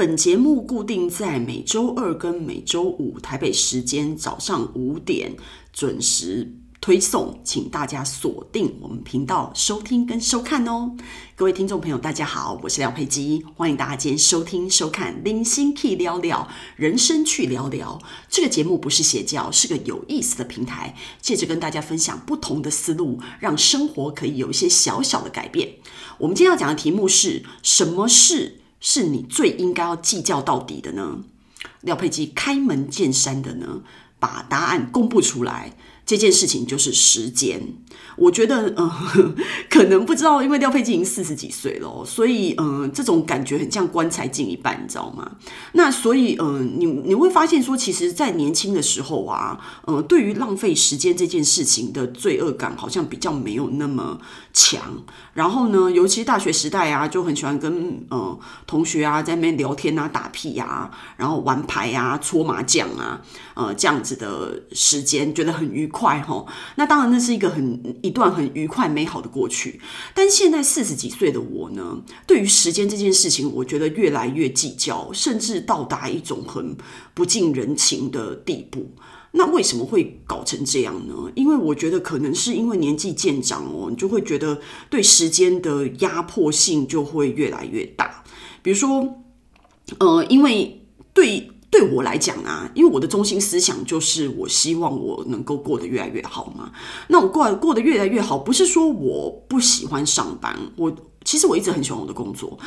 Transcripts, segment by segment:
本節目固定在每週二跟每週五台北時間早上五點準時推送，請大家鎖定我們頻道收聽跟收看哦。各位聽眾朋友，大家好，我是廖姵姬，歡迎大家今天收聽收看。零星聊聊，人生去聊聊。這個節目不是邪教，是個有意思的平台，借着跟大家分享不同的思路，讓生活可以有一些小小的改變。我們今天要講的題目是什麼事？是你最應該要計較到底的呢？廖姵姬開門見山的呢，把答案公布出來，這件事情就是時間。我覺得，嗯、呃，可能不知道，因為廖姵姬已經四十幾歲了，所以，嗯、呃，這種感覺很像棺材進一半，你知道嗎？那所以，嗯、呃，你你會發現說，其實，在年輕的時候啊，嗯、呃，對於浪費時間這件事情的罪惡感好像比較沒有那麼強。然後呢，尤其大學時代啊，就很喜歡跟嗯、呃、同學啊在那邊聊天啊、打屁啊、然後玩牌啊、搓麻將啊，呃，這樣子的時間覺得很愉快吼、哦，那當然，那是一個很。一段很愉快、美好的過去，但現在四十幾歲的我呢？對於時間這件事情，我覺得越來越計較，甚至到達一種很不近人情的地步。那為什麼會搞成這樣呢？因為我覺得可能是因為年紀漸長哦，你就會覺得對時間的壓迫性就會越來越大。比如說，呃，因為對。對我來講啊，因為我的中心思想就是我希望我能夠過得越來越好嘛。那我過過得越來越好，不是說我不喜歡上班，我其實我一直很喜歡我的工作，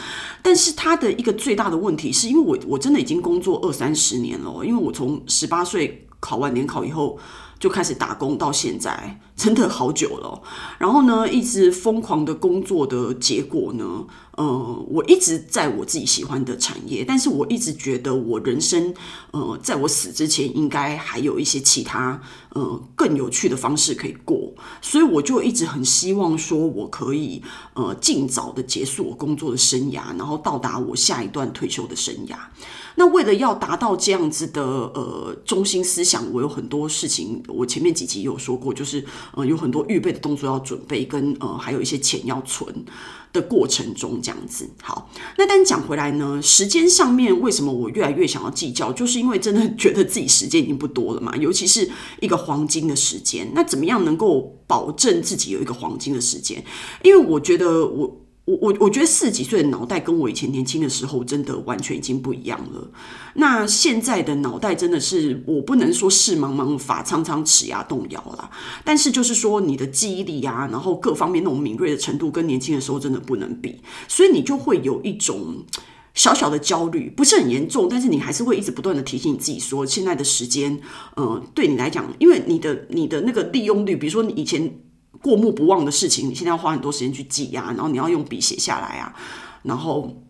但是它的一個最大的問題，是因為我我真的已經工作二三十年了，因為我從十八歲考完聯考以後。就開始打工到現在，真的好久了。然後呢，一直瘋狂的工作的結果呢，呃，我一直在我自己喜歡的產業，但是我一直覺得我人生，呃，在我死之前應該還有一些其他。呃，更有趣的方式可以過，所以我就一直很希望說，我可以呃儘早的結束我工作的生涯，然後到達我下一段退休的生涯。那為了要達到這樣子的呃中心思想，我有很多事情，我前面幾集有說過，就是呃有很多預備的動作要準備，跟呃還有一些錢要存的過程中，這樣子。好，那但講回來呢，時間上面為什麼我越來越想要計較，就是因為真的覺得自己時間已經不多了嘛，尤其是一個。黃金的時間，那怎麼樣能夠保證自己有一個黃金的時間？因為我覺得，我我我，我覺得四十幾歲的腦袋跟我以前年輕的時候，真的完全已經不一樣了。那現在的腦袋真的是，我不能說視茫茫，髮蒼蒼，齒牙動搖了，但是就是說，你的記憶力啊，然後各方面那種敏銳的程度，跟年輕的時候真的不能比，所以你就會有一種。小小的焦慮不是很嚴重，但是你還是會一直不斷的提醒你自己說，說現在的時間，嗯、呃，對你來講，因為你的你的那個利用率，比如說你以前過目不忘的事情，你現在要花很多時間去記啊，然後你要用筆寫下來啊，然後。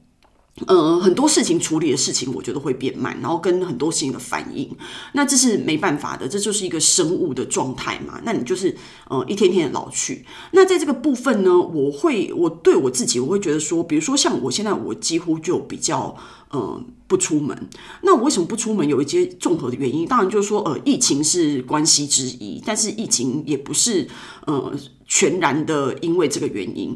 呃，很多事情處理的事情，我覺得會變慢，然後跟很多事情的反應，那這是沒辦法的，這就是一個生物的狀態嘛。那你就是嗯、呃，一天天的老去。那在這個部分呢，我會我對我自己，我會覺得說，比如說像我現在，我幾乎就比較嗯、呃、不出門。那我為什麼不出門？有一些綜合的原因，當然就是說呃，疫情是關係之一，但是疫情也不是嗯、呃、全然的因為這個原因。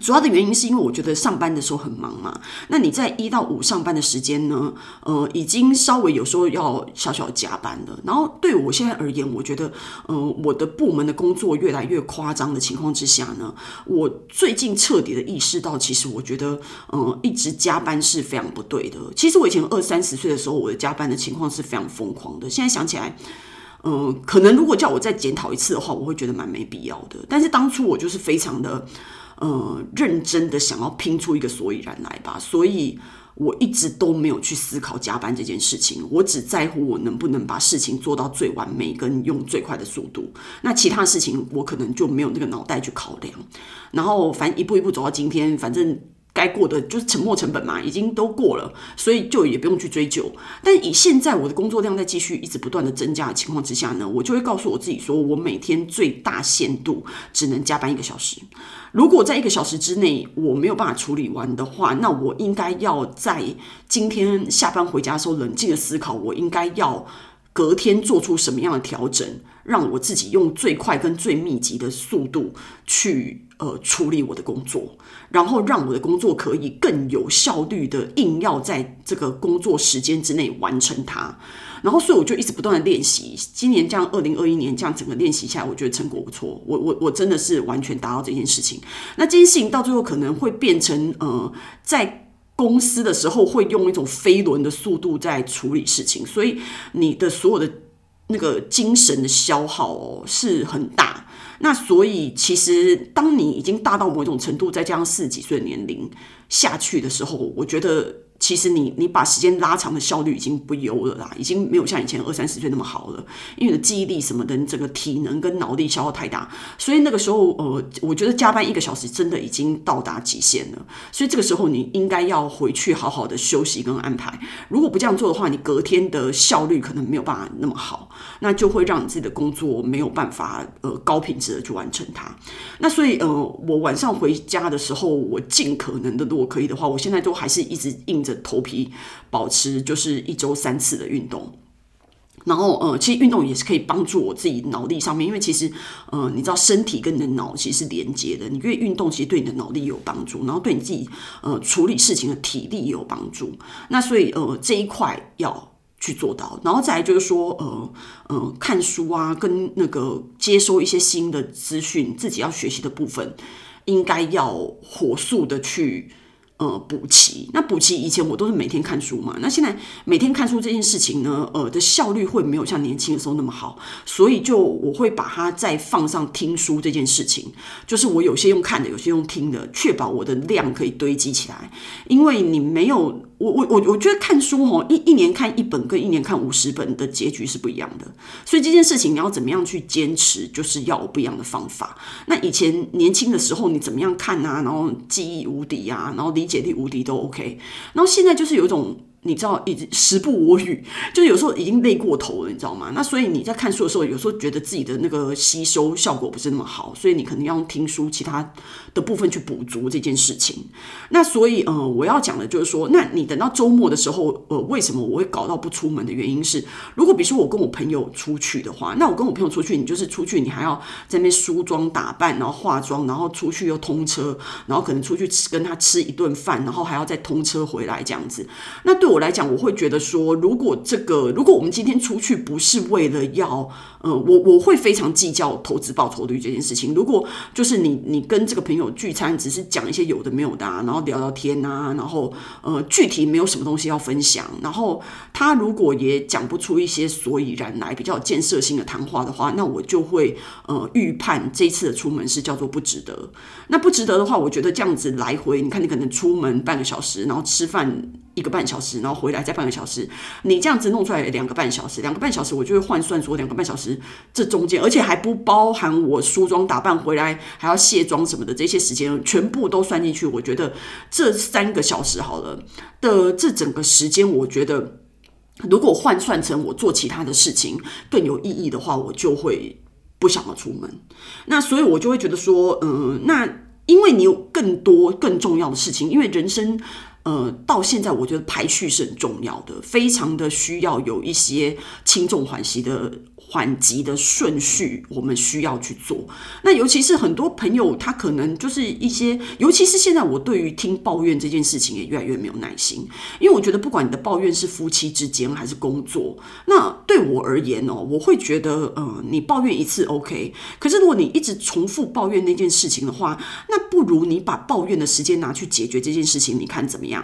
主要的原因是因為我覺得上班的時候很忙嘛。那你在一到五上班的時間呢？呃，已經稍微有時候要小小加班了。然後對我現在而言，我覺得，呃，我的部門的工作越來越誇張的情況之下呢，我最近徹底的意識到，其實我覺得，嗯、呃，一直加班是非常不對的。其實我以前二三十歲的時候，我的加班的情況是非常瘋狂的。現在想起來，嗯、呃，可能如果叫我再檢討一次的話，我會覺得蠻沒必要的。但是當初我就是非常的。呃、嗯，認真的想要拼出一個所以然來吧，所以我一直都沒有去思考加班這件事情，我只在乎我能不能把事情做到最完美，跟用最快的速度。那其他事情我可能就沒有那個腦袋去考量。然後反正一步一步走到今天，反正。該過的就是沉沒成本嘛，已經都過了，所以就也不用去追究。但以現在我的工作量在繼續一直不斷的增加的情況之下呢，我就會告訴我自己說，我每天最大限度只能加班一個小時。如果在一個小時之內我沒有辦法處理完的話，那我應該要在今天下班回家的時候冷靜的思考，我應該要。隔天做出什麼樣的調整，讓我自己用最快跟最密集的速度去呃處理我的工作，然後讓我的工作可以更有效率的硬要在這個工作時間之內完成它。然後，所以我就一直不斷的練習。今年這樣，二零二一年這樣整個練習下來，我覺得成果不錯。我我我真的是完全達到這件事情。那這件事情到最後可能會變成呃在。公司的時候會用一種飛輪的速度在處理事情，所以你的所有的那個精神的消耗、哦、是很大。那所以其實當你已經大到某一種程度，再加上四十幾歲年齡下去的時候，我覺得。其實你你把時間拉長的效率已經不優了啦，已經沒有像以前二三十歲那麼好了，因為你的記憶力什麼的，整個體能跟腦力消耗太大，所以那個時候呃，我覺得加班一個小時真的已經到達極限了。所以這個時候你應該要回去好好的休息跟安排。如果不這樣做的話，你隔天的效率可能沒有辦法那麼好，那就會讓你自己的工作沒有辦法呃高品質的去完成它。那所以呃，我晚上回家的時候，我儘可能的如果可以的話，我現在都還是一直硬着頭皮保持就是一周三次的運動，然後呃，其實運動也是可以幫助我自己腦力上面，因為其實呃，你知道身體跟你的腦其實是連接的，你越運動，其實對你的腦力也有幫助，然後對你自己呃處理事情的體力也有幫助。那所以呃這一塊要去做到，然後再來就是說呃呃看書啊，跟那個接收一些新的資訊，自己要學習的部分，應該要火速的去。呃，補齊。那補齊以前我都是每天看書嘛，那現在每天看書這件事情呢，呃的效率會沒有像年輕的時候那麼好，所以就我會把它再放上聽書這件事情，就是我有些用看的，有些用聽的，確保我的量可以堆積起來，因為你沒有。我我我我覺得看書吼，一一年看一本跟一年看五十本的結局是不一樣的，所以這件事情你要怎麼樣去堅持，就是要不一樣的方法。那以前年輕的時候你怎麼樣看啊，然後記憶無敵啊，然後理解力無敵都 OK，然後現在就是有一種。你知道，已經時不我與，就是有時候已經累過頭了，你知道嗎？那所以你在看書的時候，有時候覺得自己的那個吸收效果不是那麼好，所以你可能要用聽書，其他的部分去補足這件事情。那所以，嗯、呃，我要講的就是說，那你等到週末的時候，呃，為什麼我會搞到不出門的原因是，如果比如說我跟我朋友出去的話，那我跟我朋友出去，你就是出去，你還要在那邊梳妝打扮，然後化妝，然後出去又通車，然後可能出去吃跟他吃一頓飯，然後還要再通車回來這樣子，那對。我來講，我會覺得說，如果這個，如果我們今天出去不是為了要，呃，我我會非常計較投資報酬率這件事情。如果就是你你跟這個朋友聚餐，只是講一些有的沒有的啊，然後聊聊天啊，然後呃，具體沒有什麼東西要分享，然後他如果也講不出一些所以然來，比較建設性的談話的話，那我就會呃預判這一次的出門是叫做不值得。那不值得的話，我覺得這樣子來回，你看你可能出門半個小時，然後吃飯一個半小時。然後回來再半個小時，你這樣子弄出來兩個半小時，兩個半小時我就會換算說兩個半小時，這中間而且還不包含我梳妝打扮回來還要卸妝什麼的這些時間，全部都算進去。我覺得這三個小時好了的這整個時間，我覺得如果換算成我做其他的事情更有意義的話，我就會不想要出門。那所以我就會覺得說，嗯，那因為你有更多更重要的事情，因為人生。呃，到現在我覺得排序是很重要的，非常的需要有一些輕重緩急的。緩急的順序，我們需要去做。那尤其是很多朋友，他可能就是一些，尤其是現在，我對於聽抱怨這件事情也越來越沒有耐心。因為我覺得，不管你的抱怨是夫妻之間還是工作，那對我而言哦，我會覺得，嗯、呃，你抱怨一次 OK，可是如果你一直重複抱怨那件事情的話，那不如你把抱怨的時間拿去解決這件事情，你看怎麼樣？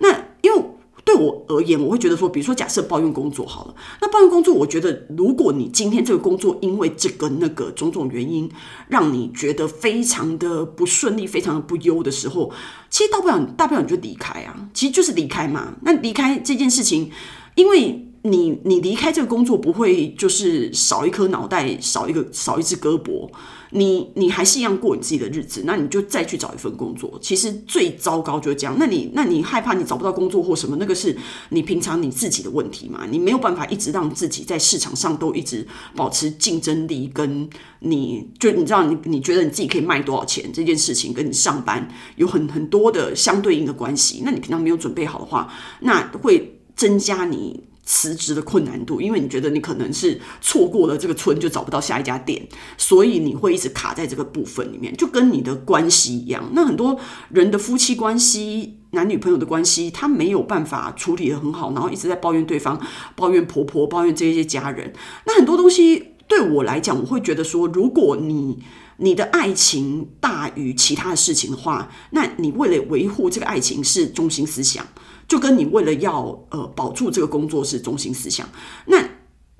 那因為。對我而言，我會覺得說，比如說，假設抱怨工作好了，那抱怨工作，我覺得如果你今天這個工作因為這個那個種種原因，讓你覺得非常的不順利、非常的不優的時候，其實大不了，大不了你就離開啊，其實就是離開嘛。那離開這件事情，因為。你你離開這個工作不會就是少一顆腦袋，少一個少一隻胳膊，你你還是一樣過你自己的日子，那你就再去找一份工作。其實最糟糕就是這樣。那你那你害怕你找不到工作或什麼，那個是你平常你自己的問題嘛。你沒有辦法一直讓自己在市場上都一直保持競爭力，跟你就你知道你你覺得你自己可以賣多少錢這件事情，跟你上班有很很多的相對應的關係。那你平常沒有準備好的話，那會增加你，辭職的困難度，因為你覺得你可能是錯過了這個村就找不到下一家店，所以你會一直卡在這個部分裡面，就跟你的關係一樣。那很多人的夫妻關係、男女朋友的關係，他沒有辦法處理得很好，然後一直在抱怨對方、抱怨婆婆、抱怨這些家人。那很多東西。對我來講，我會覺得說，如果你你的愛情大於其他的事情的話，那你為了維護這個愛情是中心思想，就跟你為了要呃保住這個工作是中心思想。那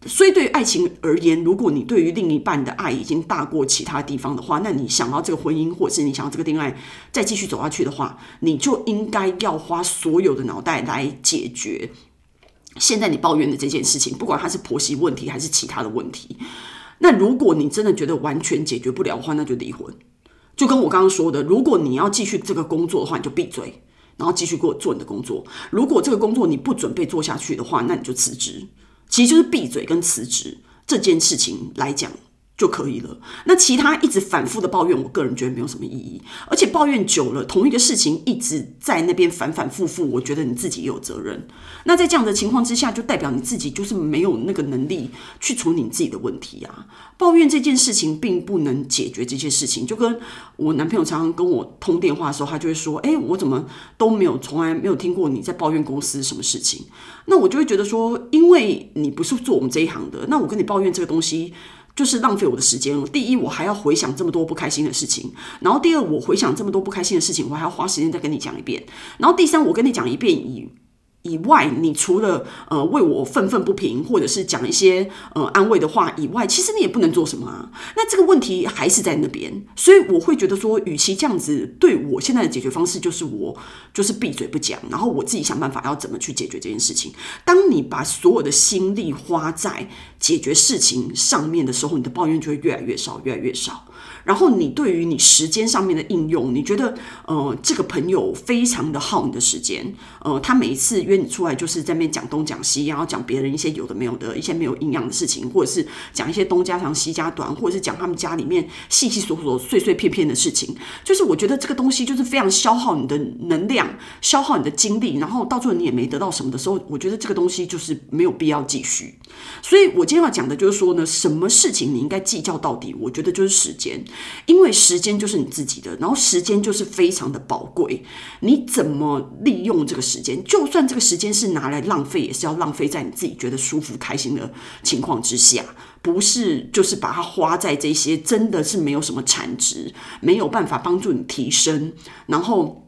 所以對於愛情而言，如果你對於另一半的愛已經大過其他地方的話，那你想要這個婚姻或者是你想要這個戀愛再繼續走下去的話，你就應該要花所有的腦袋來解決。現在你抱怨的這件事情，不管它是婆媳問題還是其他的問題，那如果你真的覺得完全解決不了的話，那就離婚。就跟我剛剛說的，如果你要繼續這個工作的話，你就閉嘴，然後繼續給我做你的工作。如果這個工作你不準備做下去的話，那你就辭職。其實就是閉嘴跟辭職這件事情來講。就可以了。那其他一直反複的抱怨，我個人覺得沒有什麼意義。而且抱怨久了，同一個事情一直在那邊反反复复，我覺得你自己也有責任。那在這樣的情況之下，就代表你自己就是沒有那個能力去處理你自己的問題呀。抱怨這件事情並不能解決這些事情。就跟我男朋友常常跟我通電話的時候，他就會說：“欸，我怎麼都沒有從來沒有聽過你在抱怨公司什麼事情？”那我就會覺得說，因為你不是做我們這一行的，那我跟你抱怨這個東西就是浪費我的時間了。第一，我還要回想這麼多不開心的事情，然後第二，我回想這麼多不開心的事情，我還要花時間再跟你講一遍，然後第三，我跟你講一遍以外，你除了呃為我憤憤不平，或者是講一些呃安慰的話以外，其實你也不能做什麼啊。那這個問題還是在那邊，所以我會覺得說，與其這樣子，對我現在的解決方式就是我就是閉嘴不講，然後我自己想辦法要怎麼去解決這件事情。當你把所有的心力花在解決事情上面的時候，你的抱怨就會越來越少，越來越少。然後你對於你時間上面的應用，你覺得，呃，這個朋友非常的耗你的時間，呃，他每一次約你出來就是在那邊講東講西，然後講別人一些有的沒有的一些沒有營養的事情，或者是講一些東家長西家短，或者是講他們家裡面細細瑣瑣碎碎片片的事情，就是我覺得這個東西就是非常消耗你的能量，消耗你的精力，然後到最後你也沒得到什麼的時候，我覺得這個東西就是沒有必要繼續。所以我今天要講的就是說呢，什麼事情你應該計較到底？我覺得就是時間。因為時間就是你自己的，然後時間就是非常的寶貴，你怎麼利用這個時間？就算這個時間是拿來浪費，也是要浪費在你自己覺得舒服、開心的情況之下，不是就是把它花在這些真的是沒有什麼產值，沒有辦法幫助你提升，然後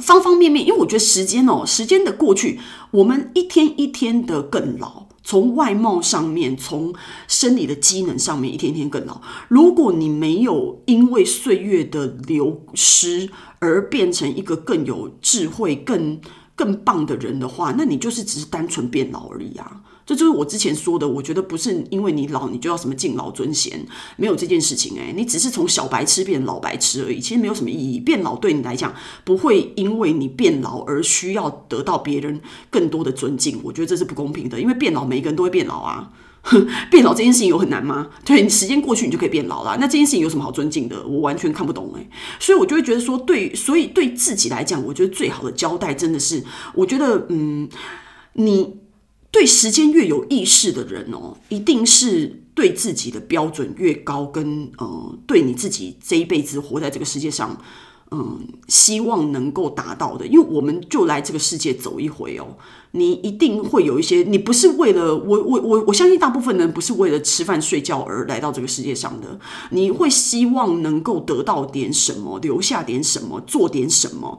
方方面面，因為我覺得時間哦，時間的過去，我們一天一天的更老。從外貌上面，從生理的機能上面，一天一天更老。如果你沒有因為歲月的流失而變成一個更有智慧、更更棒的人的話，那你就是只是單純變老而已啊。這就是我之前說的，我覺得不是因為你老，你就要什麼敬老尊賢，沒有這件事情誒，你只是從小白痴變老白痴而已，其實沒有什麼意義。變老對你來講，不會因為你變老而需要得到別人更多的尊敬，我覺得這是不公平的，因為變老，每一個人都會變老啊，哼，變老這件事情有很難嗎？對，你時間過去你就可以變老了，那這件事情有什麼好尊敬的？我完全看不懂誒。所以我就會覺得說，對，所以對自己來講，我覺得最好的交代真的是，我覺得嗯，你。對時間越有意識的人哦，一定是對自己的標準越高跟，跟呃，對你自己這一輩子活在這個世界上，嗯，希望能夠達到的。因為我們就來這個世界走一回哦，你一定會有一些，你不是為了我我我我相信大部分人不是為了吃飯睡覺而來到這個世界上的，你會希望能夠得到點什麼，留下點什麼，做點什麼。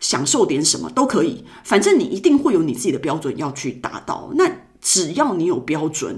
享受點什麼都可以，反正你一定會有你自己的標準要去達到。那只要你有標準，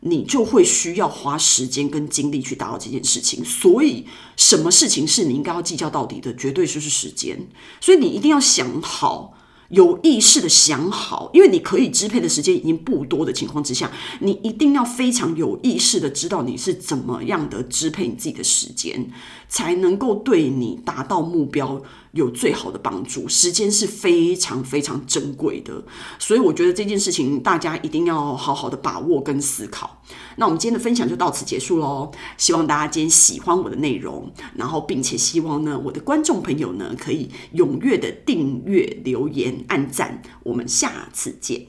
你就會需要花時間跟精力去達到這件事情。所以，什麼事情是你應該要計較到底的？絕對就是時間。所以你一定要想好，有意識的想好，因為你可以支配的時間已經不多的情況之下，你一定要非常有意識的知道你是怎麼樣的支配你自己的時間，才能夠對你達到目標。有最好的幫助，時間是非常非常珍貴的，所以我覺得這件事情大家一定要好好的把握跟思考。那我們今天的分享就到此結束嘍，希望大家今天喜歡我的內容，然後並且希望呢，我的觀眾朋友呢可以踴躍的訂閱、留言、按讚。我們下次見。